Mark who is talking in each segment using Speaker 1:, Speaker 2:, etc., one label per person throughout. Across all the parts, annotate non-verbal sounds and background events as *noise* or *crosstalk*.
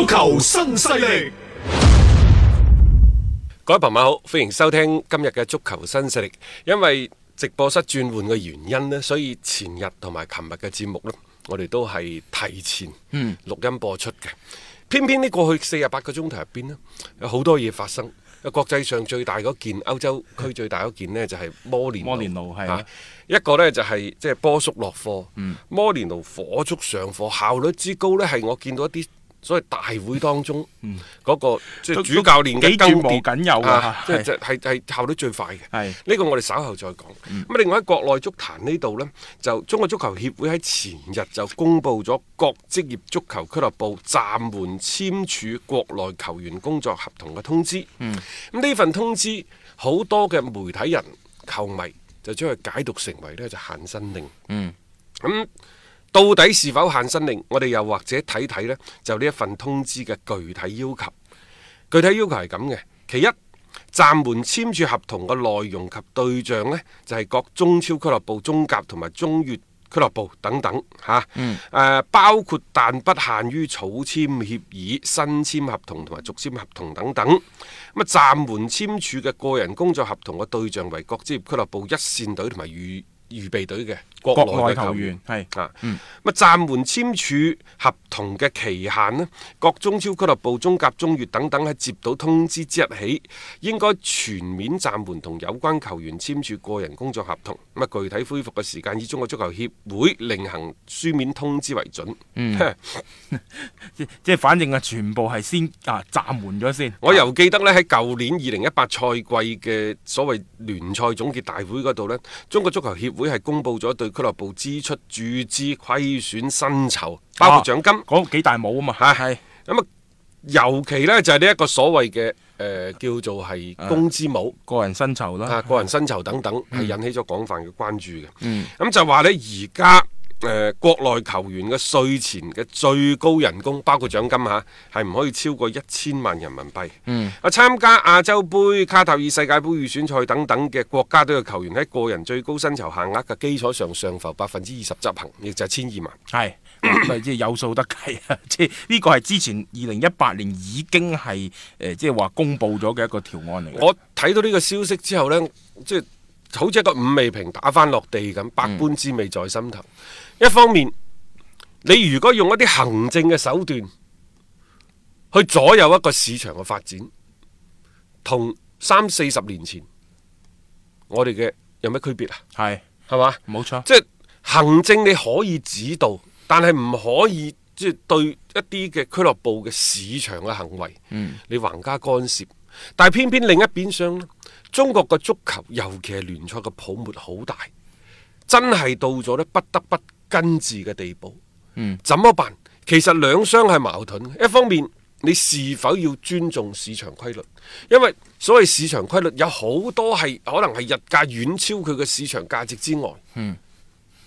Speaker 1: 足
Speaker 2: 球新勢力，各位朋友好，歡迎收聽今日嘅足球新勢力。因為直播室轉換嘅原因呢，所以前日同埋琴日嘅節目呢，我哋都係提前嗯錄音播出嘅。偏偏呢，過去四十八個鐘頭入邊呢，有好多嘢發生。誒，國際上最大嗰件，歐洲區最大嗰件呢，就係摩連摩連奴係一個呢就係即係波叔落課，嗯，摩連奴火速上課，效率之高呢係我見到一啲。所以大會當中，嗰個、嗯、即係主教練嘅更迭緊有㗎、啊，即係效率最快嘅。呢個我哋稍後再講。咁、嗯、另外喺國內足壇呢度呢，就中國足球協會喺前日就公布咗各職業足球俱樂部暫緩簽署、簽署國內球員工作合同嘅通知。咁呢、嗯嗯、份通知，好多嘅媒體人球迷就將佢解讀成為呢就限薪令。嗯，咁、嗯。到底是否限薪令？我哋又或者睇睇呢？就呢一份通知嘅具體要求。具體要求係咁嘅，其一，暫緩簽署合同嘅內容及對象呢，就係、是、各中超俱樂部、中甲同埋中乙俱樂部等等，吓。誒，包括但不限於草簽協議、新簽合同同埋續簽合同等等。咁啊，暫緩簽署嘅個人工作合同嘅對象為各職業俱樂部一線隊同埋預。預備隊嘅國內球員，係啊，嗯，咁啊暫緩簽署合同嘅期限咧，各中超俱樂部中甲中乙等等喺接到通知之日起，應該全面暫緩同有關球員簽署個人工作合同。咁啊，具體恢復嘅時間以中國足球協會另行書面通知為準，嗯，
Speaker 1: *laughs* 即係反正啊，全部係先啊暫緩咗先。我又
Speaker 2: 記得咧喺舊年二零一八賽季嘅所謂聯賽總結大會嗰度咧，中國足球協。會係公布咗對俱樂部支出、注資、虧損、薪酬，包括獎金嗰、啊、幾大帽啊嘛，係係咁啊、嗯，尤其呢，就係呢一個所謂嘅誒、呃、叫做係工資帽、個人薪酬啦、啊、個人薪酬等等，係、嗯、引起咗廣泛嘅關注嘅。嗯，咁、嗯嗯、就話呢，而家。誒、呃，國內球員嘅稅前嘅最高人工包括獎金吓，係、啊、唔可以超過一千萬人民幣。嗯，啊，參加亞洲杯、卡塔爾世界杯預選賽等等嘅國家隊嘅球員喺個人最高薪酬限
Speaker 1: 額嘅基礎上上浮百分之二十執行，亦就係千二萬。係、嗯， *coughs* 即係有數得計啊！即係呢個係之前二零一八年已經係誒、呃，即係話公布咗嘅一個條案嚟嘅。我睇到呢個消息之後呢，即係好似一個五味瓶打翻落
Speaker 2: 地咁，百般滋味在心頭。嗯一方面，你如果用一啲行政嘅手段去左右一個市場嘅發展，同三四十年前我哋嘅有咩區別啊？係係嘛？冇錯，即行政你可以指導，但係唔可以即對一啲嘅俱樂部嘅市場嘅行為，嗯、你橫加干涉。但係偏偏另一邊廂，中國嘅足球，尤其係聯賽嘅泡沫好大，真係到咗咧，不得不。根治嘅地步，嗯，怎麼辦？其實兩相係矛盾，一方面你是否要尊重市場規律？因為所謂市場規律有好多係可能係日價遠超佢嘅市場價值之外，
Speaker 1: 嗯，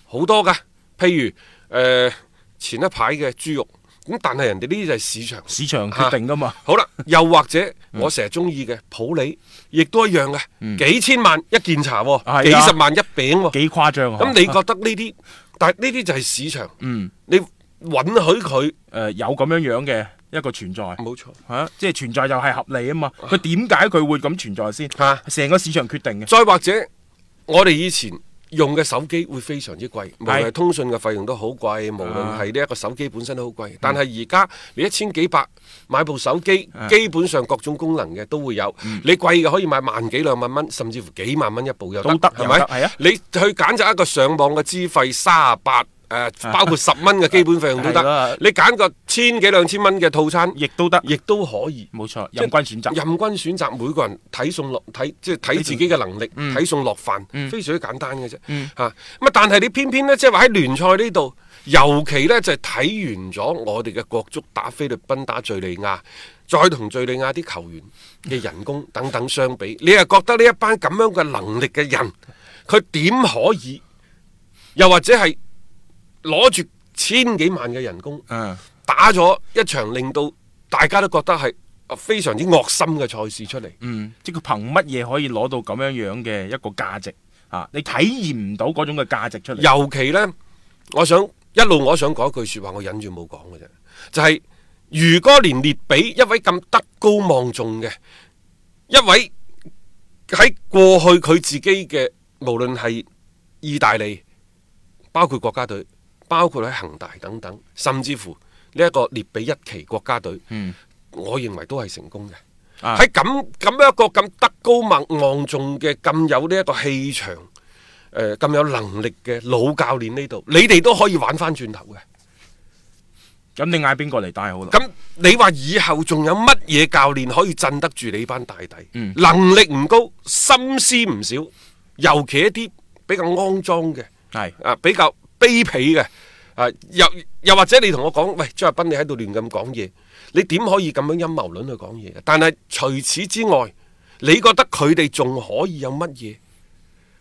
Speaker 2: 好多噶，譬如誒、呃、前一排嘅豬肉，咁但係人哋呢啲就係市場市
Speaker 1: 場決定噶嘛。
Speaker 2: 啊、好啦，又或者我成日中意嘅普洱，亦、嗯、都一樣嘅，幾千萬一件茶，幾十萬一餅，幾誇
Speaker 1: 張啊！咁你覺得呢啲？ *laughs* 但呢啲就係市場，嗯，你允許佢誒有咁樣樣嘅一個存在，冇錯吓，即係存在就係合理啊嘛。佢點解佢會咁存在先吓？成 *laughs* 個市場決定嘅。再或者，我哋以前。用
Speaker 2: 嘅手機會非常之貴，無論係通訊嘅費用都好貴，無論係呢一個手機本身都好貴。但係而家你一千幾百買部手機，基本上各種功能嘅都會有。嗯、你貴嘅可以買萬幾兩萬蚊，甚至乎幾萬蚊一部都得，係咪吧？啊、你去揀擇一個上網嘅資費三十八。誒， *laughs* 包括十蚊嘅基本費用都得，你揀個千幾兩千蚊嘅套餐，亦都得，亦都可以，冇錯，任君選擇，任君選擇，每個人睇送落，睇即係睇自己嘅能力，睇、嗯、送落飯，嗯、非常之簡單嘅啫。吓、嗯，咁啊，但係你偏偏呢，即係話喺聯賽呢度，尤其呢，就係、是、睇完咗我哋嘅國足打菲律賓、打敘利亞，再同敘利亞啲球員嘅人工等等相比，你又覺得呢一班咁樣嘅能力嘅人，佢點可以？又或者係？攞住千幾萬嘅人工，嗯、啊，
Speaker 1: 打咗一場，令到大家都覺得係非常之惡心嘅賽事出嚟。嗯，即佢憑乜嘢可以攞到咁樣樣嘅一個價值啊？你體驗唔到嗰種嘅價值出嚟。尤其呢，我想一路我想講一句說話，我忍住冇講嘅啫，
Speaker 2: 就係、是、如果連列比一位咁德高望重嘅一位喺過去佢自己嘅，無論係意大利，包括國家隊。包括喺恒大等等，甚至乎呢一個列比一期國家隊，嗯、我認為都係成功嘅。喺咁咁樣一個咁德高望重嘅，咁有呢一個氣場，誒、呃，咁有能力嘅老教練呢度，你哋都可以玩翻轉頭嘅。咁、嗯、你嗌邊個嚟帶好啦？咁你話以後仲有乜嘢教練可以鎮得住你班大弟？嗯、能力唔高，心思唔少，尤其一啲比較骯髒嘅係啊，比較。卑鄙嘅，啊又又或者你同我講，喂張達斌你喺度亂咁講嘢，你點可以咁樣陰謀論去講嘢？但係除此之外，你覺得佢哋仲可以有乜嘢？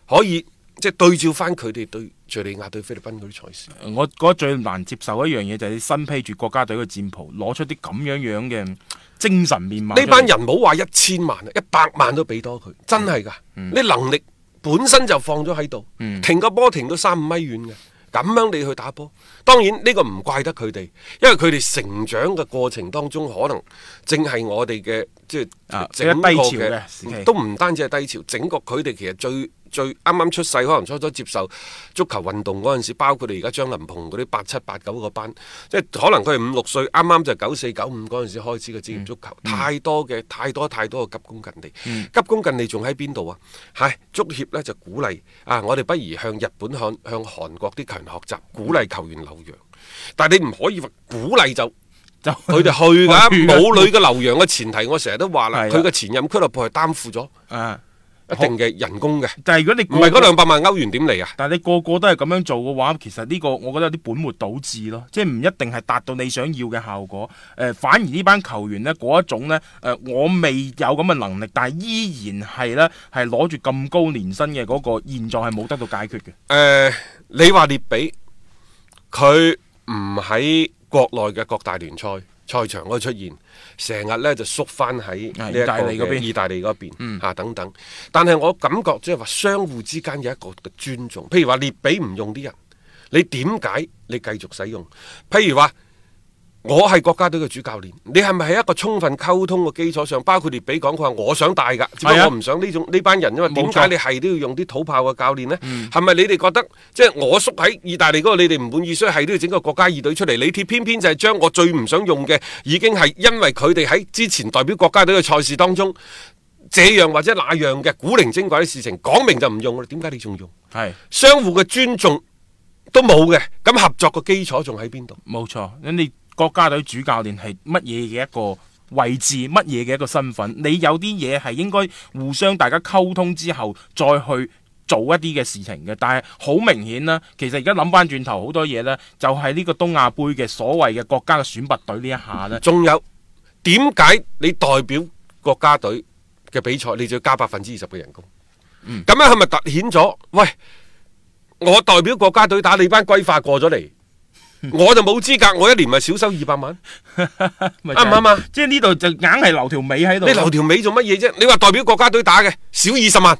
Speaker 2: 可以即係、就是、對照翻佢哋對敘利亞對菲律賓嗰啲賽事。
Speaker 1: 我覺得最難接受一樣嘢就係你身披住國家隊嘅戰袍，攞出啲咁樣樣嘅精神面貌。呢班人唔好話一千萬，一
Speaker 2: 百萬都俾多佢，真係噶。嗯嗯、你能力本身就放咗喺度，嗯、停個波停到三五米遠嘅。咁樣你去打波，當然呢個唔怪得佢哋，因為佢哋成長嘅過程當中，可能正係我哋嘅。即係整個嘅，啊、低潮都唔單止係低潮。整個佢哋其實最最啱啱出世，可能初初接受足球運動嗰陣時，包括你而家張林鵬嗰啲八七八九個班，即係可能佢係五六歲啱啱就九四九五嗰陣時開始嘅職業足球，嗯嗯、太多嘅太多太多嘅急功近利。嗯、急功近利仲喺邊度啊？係足協呢就鼓勵啊，我哋不如向日本向向韓國啲球員學習，鼓勵球員留洋。嗯、但係你唔可以話鼓勵就。
Speaker 1: 就佢哋去噶，啊，冇 *laughs* 女嘅
Speaker 2: 留洋嘅前提，我，我成日都話啦，佢嘅前任俱樂部係
Speaker 1: 擔負咗啊一定嘅人工嘅。好但
Speaker 2: 係如果你唔係嗰兩百萬歐元點嚟啊？
Speaker 1: 但係你個個都係咁樣做嘅話，其實呢個我覺得有啲本末倒置咯，即係唔一定係達到你想要嘅效果。誒、呃，反而呢班球員呢嗰一種呢，誒、呃，我未有咁嘅能力，但係依然係呢，係攞住咁高年薪嘅嗰個現狀係冇得到解決嘅。誒、呃，你話列比佢唔喺？國內嘅各
Speaker 2: 大聯賽賽場度出現，成日咧就縮翻喺意大利嗰邊，啊、嗯、等等。但係我感覺即係話，相互之間有一個嘅尊重。譬如話，列比唔用啲人，你點解你繼續使用？譬如話。我係國家隊嘅主教練，你係咪喺一個充分溝通嘅基礎上，包括里皮講佢話我想帶噶，只不過我唔想呢種呢班人，因為點解你係都要用啲土炮嘅教練呢？係咪錯你哋覺得即係我縮喺意大利嗰度，你哋唔滿意，所以係都要整個國家二隊出嚟？你偏偏就係將我最唔想用嘅，已經係因為佢哋喺之前代表國家隊嘅賽事當中，這樣或者那樣嘅古靈精怪嘅事情講明就唔用啦。點解你仲用？係是相互嘅
Speaker 1: 尊重都冇嘅，咁合作嘅基礎仲喺邊度？冇錯，咁你。國家隊主教練係乜嘢嘅一個位置，乜嘢嘅一個身份？你有啲嘢係應該互相大家溝通之後再去做一啲嘅事情嘅，但係好明顯啦。其實而家諗翻轉頭，好多嘢呢就係呢個東亞盃嘅所謂嘅國家嘅選拔隊呢一下呢，仲有點解你代表國家隊嘅
Speaker 2: 比賽，你就要加百分之二十嘅人工？嗯，咁樣係咪凸顯咗？喂，我代表國家隊打，你班歸化過咗嚟。我就冇資格，我一年咪少收二百萬。
Speaker 1: 啱唔啱
Speaker 2: 啊？ *laughs* 即係呢度就硬係留條尾喺度。你留條尾做乜嘢啫？你話
Speaker 1: 代表國家隊打嘅少二十萬，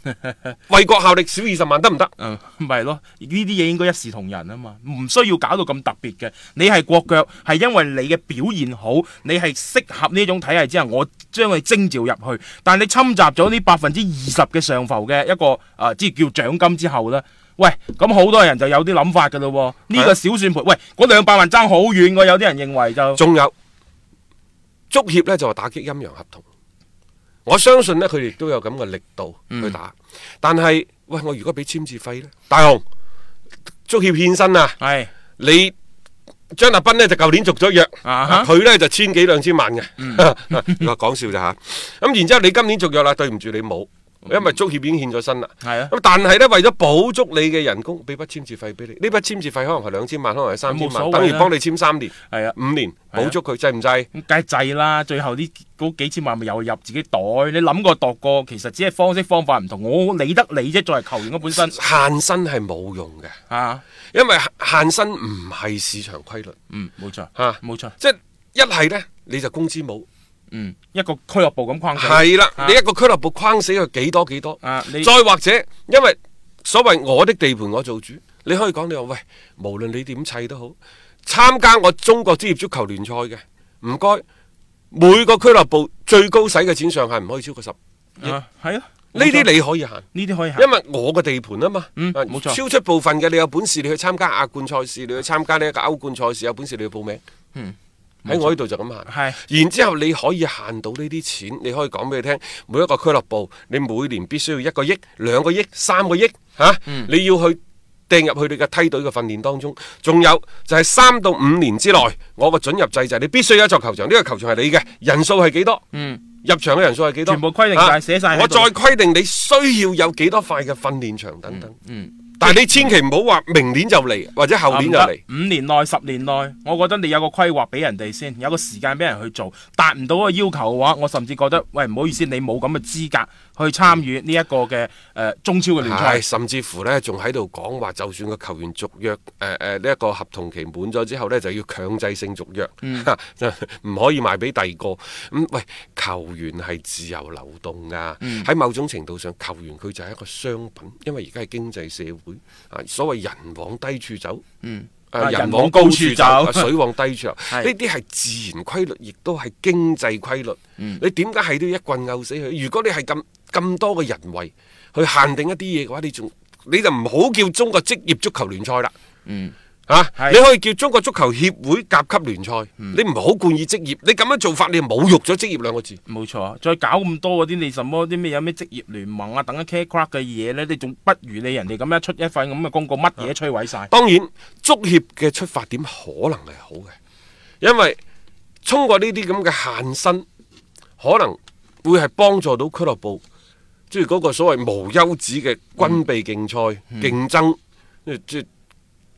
Speaker 1: *laughs* 為國效力少二十萬得唔得？行行 *laughs* 嗯，咪係咯。呢啲嘢應該一視同仁啊嘛，唔需要搞到咁特別嘅。你係國腳，係因為你嘅表現好，你係適合呢種體系之後，我將佢徵召入去。但係你侵襲咗呢百分之二十嘅上浮嘅一個啊，即、呃、係叫獎金之後咧。喂，咁好多人就有啲諗法噶咯，呢、啊、個小算盤，喂，嗰兩百萬爭好遠噶，有啲人認為就仲有足協咧就是、打擊陰陽合同，
Speaker 2: 我相信呢，佢哋都有咁嘅力度去打，嗯、但係喂，我如果俾簽字費咧，大雄足協現身啊，係是你張立斌呢，就舊年續咗約，佢咧、啊哈啊、就千幾兩千萬嘅，你話講笑咋吓、 *laughs* *laughs* 啊？咁然之後你今年續約啦，對唔住你冇。因為足協已經欠咗薪啦，咁但係咧為咗補足你嘅人工，俾筆簽字費俾你，呢筆簽字費可能係兩千萬，可能係三千萬，等於幫你簽三年，係啊
Speaker 1: 五年，補足佢，制唔制？梗制啦，最後呢嗰幾千萬咪又入自己袋，你諗過度過？其實只係方式方法唔同，我理得你啫，作為球員嘅本身。限薪
Speaker 2: 係冇用嘅，啊，因為限薪唔係市場規律。嗯，冇錯，吓，冇錯，即係一係咧，你就工資冇。
Speaker 1: 嗯，一個俱樂部咁框死係啦，的啊、你一
Speaker 2: 個俱樂部框死佢幾多幾多少？啊、再或者因為所謂我的地盤我做主，你可以講你話喂，無論你點砌都好，參加我中國職業足球聯賽嘅唔該，每個俱樂部最高使嘅錢上限唔可以超過十啊，係億啊，呢啲、啊、你可以行，呢啲可以行，因為我嘅地盤啊嘛，冇、嗯啊、錯，超出部分嘅你有本事你去參加亞冠賽事，你去參加呢個歐冠賽事，冠賽事有本事你去報名，嗯。喺我呢度就咁行，的然之後你可以限到呢啲錢，你可以講俾佢聽。每一個俱樂部，你每年必須要一個億、兩個億、三個億嚇，啊嗯、你要去掟入去你嘅梯隊嘅訓練當中。仲有就係、是、三到五年之內，嗯、我個准入制就係、是、你必須有一座球場，呢、這個球場係你嘅，人數係幾多，嗯、入場嘅人數係幾多，全部規定曬，寫曬、啊，我再規定你需要有幾多塊嘅訓練場等等。嗯嗯嗯。但係你千祈唔好話明年就嚟，或者後年就嚟。
Speaker 1: 五年內、十年內，我覺得你有個規劃俾人哋先，有個時間俾人去做。達唔到個要求嘅話，我甚至覺得，喂，唔好意思，你冇咁嘅資格。去參與呢一個嘅誒中超嘅聯賽，甚至乎呢仲喺度
Speaker 2: 講話，就算個球員續約誒誒呢一個合同期滿咗之後呢，就要強制性續約，唔、嗯、可以賣俾第二個。咁、嗯、喂，球員係自由流動噶，喺、嗯、某種程度上，球員佢就係一個商品，因為而家係經濟社會啊。所謂人往低處走，嗯呃、人往高處走，水往低處，呢啲係自然規律，亦都係經濟規律。嗯嗯、你點解係都要一棍拗死佢？如果你係咁。咁多嘅人為去限定一啲嘢嘅話，你仲你就唔好叫中國職業足球聯賽啦，嗯吓，啊、是你可以叫中國足球協會甲級聯賽。嗯、你唔好冠以職業，你咁樣做法，你侮辱咗職業兩個字。冇錯，
Speaker 1: 再搞咁多嗰啲你什麼啲咩有咩職業聯盟啊，等一 c a 嘅嘢呢，你仲不如你人哋咁樣出一份咁嘅公告，乜嘢都摧毀晒，啊。當
Speaker 2: 然，足協嘅出發點可能係好嘅，因為通過呢啲咁嘅限薪，可能會係幫助到俱樂部。即係嗰個所謂無休止嘅軍備競賽、嗯、競爭，即係即係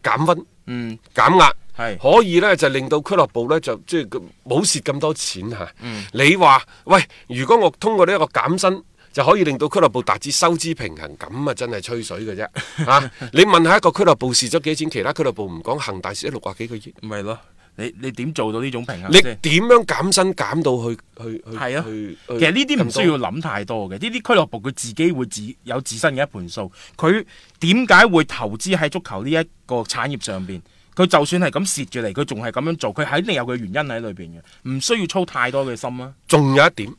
Speaker 2: 減薪、嗯、減壓，是可以咧就令到俱樂部咧就即係冇蝕咁多錢嚇。啊嗯、你話喂，如果我通過呢一個減薪，就可以令到俱樂部達至收支平衡，咁啊真係吹水嘅啫嚇！啊、 *laughs* 你問下一個俱樂部蝕咗幾錢，其他俱樂部唔講，恒大蝕咗六百幾個億，咪咯。你你點
Speaker 1: 做到呢種平衡？你點樣減薪減到去去？係啊，去其實呢啲唔需要諗太多嘅，呢啲俱樂部佢自己會自有自身嘅一盤數。佢點解會投資喺足球呢一個產業上邊？佢就算係咁蝕住嚟，佢仲係咁樣做，佢肯定有佢原因喺裏邊嘅，唔需要操太多嘅心啦、
Speaker 2: 啊。仲有一點，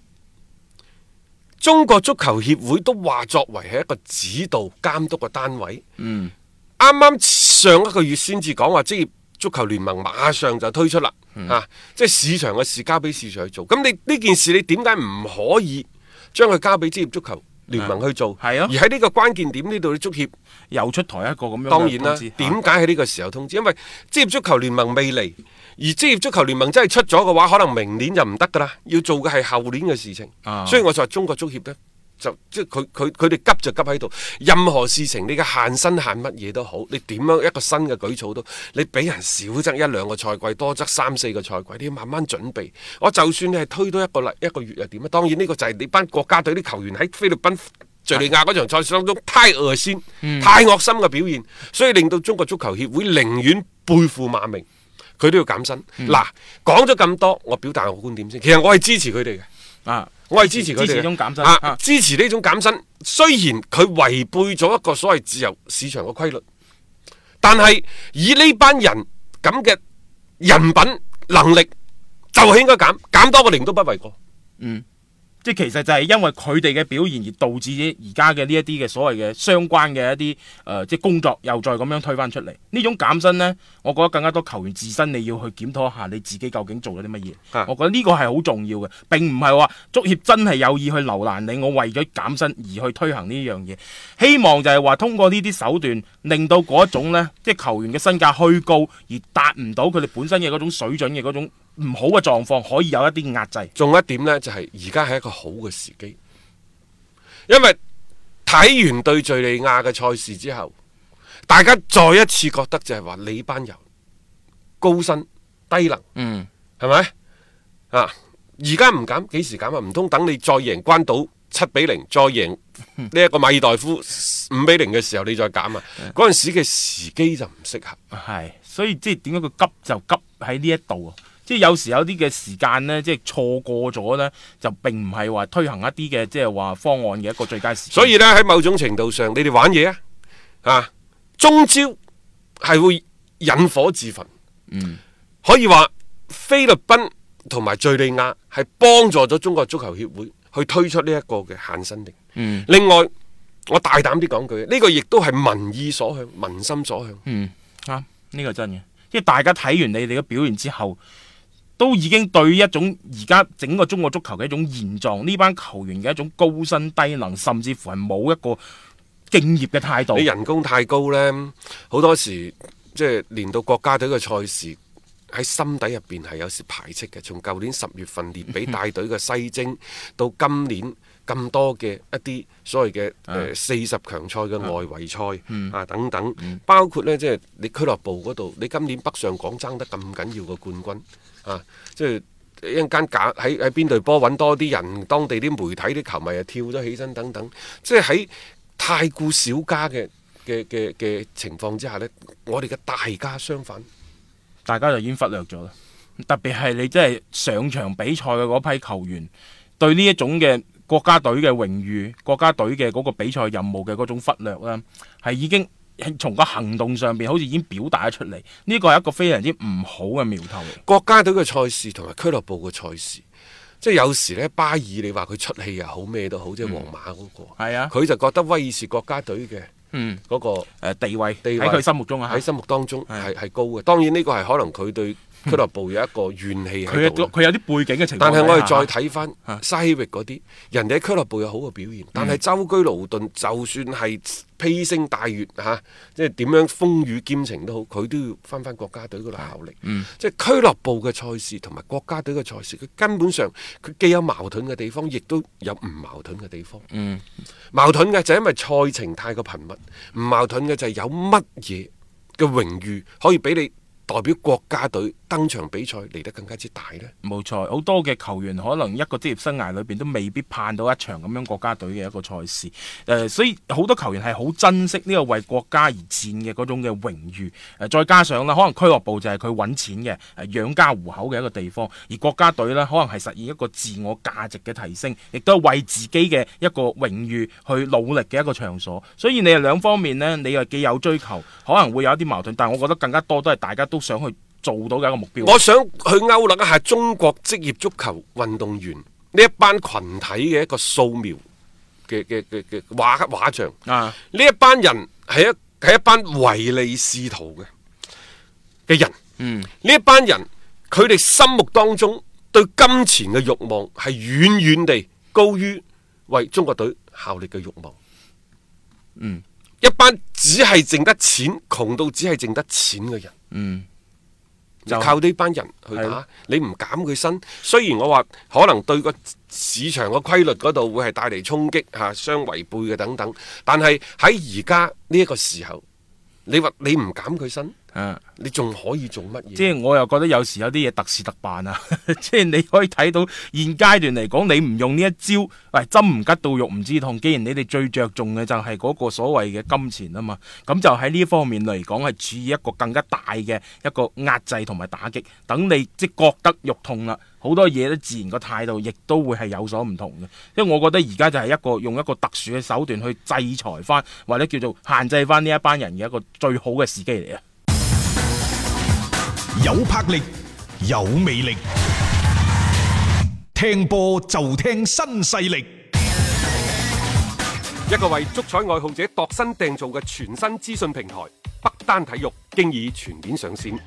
Speaker 2: 中國足球協會都話作為係一個指導監督嘅單位。
Speaker 1: 嗯，
Speaker 2: 啱啱上一個月先至講話職業。足球聯盟馬上就推出啦，嗯、啊，即係市場嘅事交俾市場去做。咁你呢件事你點解唔可以將佢交俾職業足球聯盟去做？係咯、嗯。啊、而喺呢個關鍵點呢度，你足協又出台一個咁樣嘅通知。當然啦，點解喺呢個時候通知？啊、因為職業足球聯盟未嚟，而職業足球聯盟真係出咗嘅話，可能明年就唔得噶啦。要做嘅係後年嘅事情。啊、所以我就話中國足協咧。就即係佢佢哋急就急喺度，任何事情你嘅限薪、限乜嘢都好，你點樣一個新嘅舉措都，你俾人少則一兩個賽季，多則三四個賽季，你要慢慢準備。我就算你係推多一個禮一個月又點啊？當然呢個就係你班國家隊啲球員喺菲律賓敘利亞嗰場賽事當中太惡先、 *laughs* 太惡心嘅表現，所以令到中國足球協會寧願背負罵名，佢都要減薪。嗱， *laughs* 講咗咁多，我表達我個觀點先。其實我係支持佢哋嘅。啊！我係支持佢哋啊！啊支持呢種減薪，啊、雖然佢違背咗一個所謂自由市場嘅規律，但係以呢班人咁嘅人品
Speaker 1: 能力就，就係應該減減多個零都不為過。嗯。即其實就係因為佢哋嘅表現而導致而家嘅呢一啲嘅所謂嘅相關嘅一啲誒、呃，即係工作又再咁樣推翻出嚟。呢種減薪呢，我覺得更加多球員自身，你要去檢討一下你自己究竟做咗啲乜嘢。是我覺得呢個係好重要嘅，並唔係話足協真係有意去留難你，我為咗減薪而去推行呢樣嘢。希望就係話通過呢啲手段，令到嗰一種呢，即係球員嘅身價虛高而達唔到佢哋本身嘅嗰種水準嘅嗰種。唔好嘅狀況可以有一啲壓制。仲一點呢，就係而家係一個好嘅時機，
Speaker 2: 因為睇完對敍利亞嘅賽事之後，大家再一次覺得就係話你班人高薪低能，嗯，係咪啊？而家唔減幾時減啊？唔通等你再贏關島七比零，再贏呢一個馬爾代夫五比零嘅時候，你再減啊？嗰陣 *laughs*
Speaker 1: 時嘅時機就唔適合。係，所以即係點解佢急就急喺呢一度啊？即係有時有啲嘅時間呢，即係錯過咗呢，就並唔係話推行一啲嘅即係話方案嘅一個最佳時機。所以
Speaker 2: 呢，喺某種程度上，你哋玩嘢啊，啊，中招係會引火自焚。嗯，可以話菲律賓同埋敘利亞係幫助咗中國足球協會去推出呢一個嘅限薪令。嗯，另外我大膽啲講句，呢個亦都係民意所向、
Speaker 1: 民心所向。嗯，吓、啊、呢個真嘅，即係大家睇完你哋嘅表現之後。都已經對一種而家整個中國足球嘅一種現狀，呢班球員嘅一種高薪低能，甚至乎係冇一個敬業嘅態度。你人工太高呢，
Speaker 2: 好多時即係連到國家隊嘅賽事喺心底入邊係有時排斥嘅。從舊年十月份列比帶隊嘅西征，到今年咁多嘅一啲所謂嘅誒四十強賽嘅外圍賽啊等等，包括呢，即係你俱樂部嗰度，你今年北上港爭得咁緊要嘅冠軍。啊！即係一陣間揀喺喺邊隊波揾多啲人，當地啲媒體啲球迷啊，跳咗起身等等。即係喺太顧小家嘅嘅嘅嘅
Speaker 1: 情況之下呢，我哋嘅大家相反，大家就已經忽略咗啦。特別係你真係上場比賽嘅嗰批球員，對呢一種嘅國家隊嘅榮譽、國家隊嘅嗰個比賽任務嘅嗰種忽略啦，係已經。從個行動上面好似已經表達咗出嚟，呢個係一個非常之唔好嘅苗頭。國家隊嘅賽事同埋俱樂部嘅賽事，即係有時呢，巴爾你話佢出氣又好咩
Speaker 2: 都好，即係皇馬嗰、那個，係啊，佢就覺得威爾士國家隊嘅，嗯，嗰個誒地位，地位喺佢心目中啊，喺心目當中係係、啊、高嘅。當然呢個係可能佢對。俱樂部有一個怨氣喺度，
Speaker 1: 佢有啲背景嘅情況。但係我哋再睇
Speaker 2: 翻西域嗰啲，啊、人哋喺俱樂部有好嘅表現，嗯、但係舟車勞頓，就算係披星戴月嚇、啊，即係點樣風雨兼程都好，佢都要翻翻國家隊嗰度效力。嗯嗯、即係俱樂部嘅賽事同埋國家隊嘅賽事，佢根本上佢既有矛盾嘅地方，亦都有唔矛盾嘅地方。嗯，嗯、矛，矛盾嘅就係因為賽程太過頻密，唔矛盾嘅就係有
Speaker 1: 乜嘢嘅榮譽可以俾你代表國家隊。登場比賽嚟得更加之大呢？冇錯，好多嘅球員可能一個職業生涯裏邊都未必盼到一場咁樣國家隊嘅一個賽事，誒、呃，所以好多球員係好珍惜呢個為國家而戰嘅嗰種嘅榮譽，誒、呃，再加上呢，可能俱樂部就係佢揾錢嘅，誒、呃，養家糊口嘅一個地方，而國家隊呢，可能係實現一個自我價值嘅提升，亦都係為自己嘅一個榮譽去努力嘅一個場所，所以你係兩方面呢，你又幾有追求，可能會有一啲矛盾，但係我覺得更加多都係大家都想去。做到嘅一個目標，我想
Speaker 2: 去勾勒一下中國職業足球運動員呢一班群，群體嘅一個素描嘅嘅嘅畫畫像啊！呢一班人係一係一班唯利是圖嘅嘅人，嗯，人，呢一班人佢哋心目當中對金錢嘅欲望係遠遠地高於為中國隊效力嘅欲望，嗯，一班只係淨得錢，窮到只係淨得錢嘅人，嗯。就靠呢班人去打，的你唔減佢薪，雖然我話可能對個市場個規律嗰度會係帶嚟衝擊吓相違背嘅等等，但係，喺而家呢一個時候，
Speaker 1: 你話，你唔減佢薪？啊！你仲可以做乜嘢？即係我又覺得有時有啲嘢特事特辦啊！即係你可以睇到現階段嚟講，你唔用呢一招，喂、哎，針唔吉到肉唔知痛。既然你哋最着重嘅就係嗰個所謂嘅金錢啊嘛，咁就喺呢方面嚟講，係處於一個更加大嘅一個壓制同埋打擊。等你即係、就是、覺得肉痛啦，好多嘢都自然個態度亦都會係有所唔同嘅。因為我覺得而家就係一個用一個特殊嘅手段去制裁翻，或者叫做限制翻呢一班人嘅一個最好嘅時機嚟啊！有魄力，有魅力，聽波就聽新勢力。
Speaker 2: 一個為足彩愛好者度身訂造嘅全新資訊平台——北單體育，經已全面上線。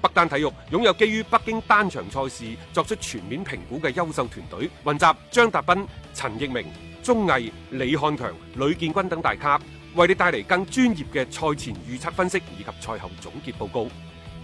Speaker 2: 北單體育擁有基於北京單場賽事作出全面評估嘅優秀團隊，雲集張達斌、陳奕明、鐘毅、李漢強、呂建軍等大咖，為你帶嚟更專業嘅賽前預測分析以及賽後總結報告。